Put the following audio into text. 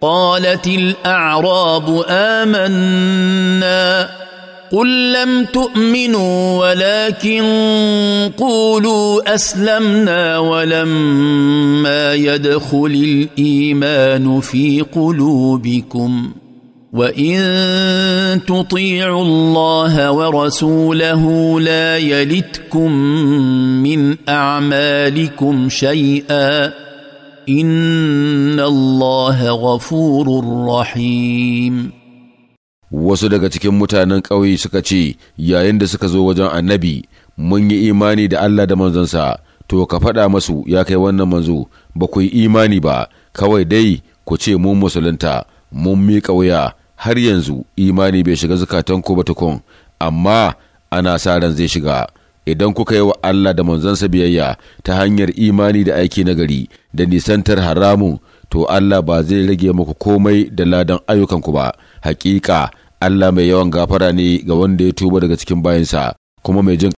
قالت الاعراب امنا قل لم تؤمنوا ولكن قولوا اسلمنا ولما يدخل الايمان في قلوبكم وان تطيعوا الله ورسوله لا يلتكم من اعمالكم شيئا inna allaha ghafurur rahim wasu daga cikin mutanen ƙauye suka ce yayin da suka zo wajen annabi mun yi imani da Allah da manzonsa to ka faɗa masu ya kai wannan manzo ba ku yi imani ba kawai dai ku ce mun musulunta mun miƙa wuya har yanzu imani bai shiga zukatanku ba tukun amma ana sa ran zai shiga idan kuka yi wa Allah da manzansa biyayya ta hanyar imani da aiki nagari da nisantar haramun to Allah ba zai rage muku komai da ladan ayyukanku ba hakika Allah mai yawan gafara ne ga wanda ya tuba daga cikin bayansa kuma mai jin